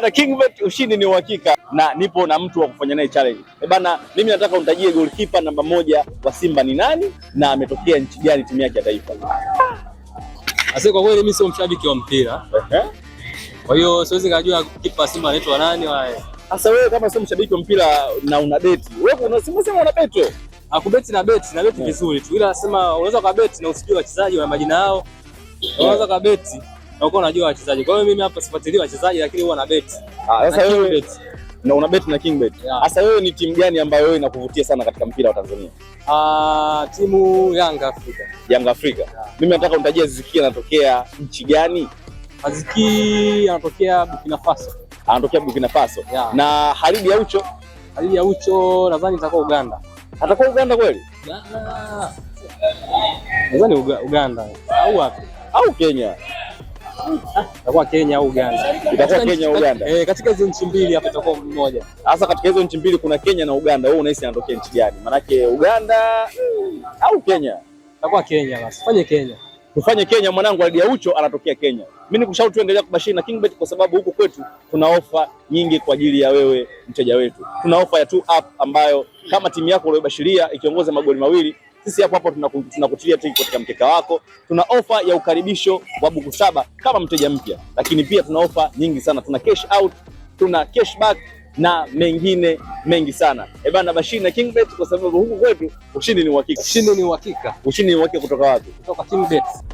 Bana Kingbet ushindi ni uhakika na nipo na mtu wa kufanya naye challenge. E bana, mimi nataka unitajie goalkeeper namba moja wa Simba ni nani na ametokea nchi gani timu yake ya taifa? Asa, kwa kweli mimi sio mshabiki wa mpira. Kwa hiyo siwezi kujua kipa Simba anaitwa nani wae. Sasa wewe kama sio mshabiki wa mpira na una beti, wewe una Simba sema una beti Akubeti na beti, na beti eh. vizuri tu. Ila nasema unaweza kubeti na usijue wachezaji wa majina yao. Unaweza eh. kubeti na uko unajua wachezaji. Kwa hiyo mimi hapa sifuatilii wachezaji, lakini huwa na bet. Ah, sasa wewe bet na una bet na king KingBet. Sasa wewe ni timu gani ambayo wewe inakuvutia sana katika mpira wa Tanzania? Ah, timu Yanga Afrika. Yanga Afrika. Mimi nataka unitajie Ziki anatokea nchi gani? Ziki anatokea Burkina Faso. Anatokea Burkina Faso. Yeah. Na Halidi Aucho? Halidi Aucho nadhani itakuwa Uganda. Atakuwa Uganda kweli? Nadhani Uganda au wapi? Au Kenya itakuwa Kenya au Uganda. Itakuwa Kenya au Uganda. Eh, katika hizo nchi mbili hapa itakuwa mmoja. Sasa katika hizo nchi mbili kuna Kenya na Uganda. Wewe unahisi anatokea nchi gani? Manake Uganda hmm, au Kenya? Itakuwa Kenya basi. Fanye Kenya. Tufanye Kenya mwanangu, Ally Daucho anatokea Kenya. Mimi nikushauri tuendelee kubashiri na KingBet kwa sababu huko kwetu tuna ofa nyingi kwa ajili ya wewe mteja wetu. Tuna ofa ya 2up ambayo kama timu yako uliyobashiria ikiongoza magoli mawili sisi hapo hapo tunakutilia tiki katika mkeka wako. Tuna ofa ya ukaribisho wa buku saba kama mteja mpya, lakini pia tuna ofa nyingi sana. Tuna cash out, tuna cash back na mengine mengi sana. Eh bana, Bashiri na KingBet, kwa sababu huku kwetu ushindi ni uhakika. Ushindi ni uhakika. Ushindi ni uhakika. Kutoka wapi? Kutoka KingBet.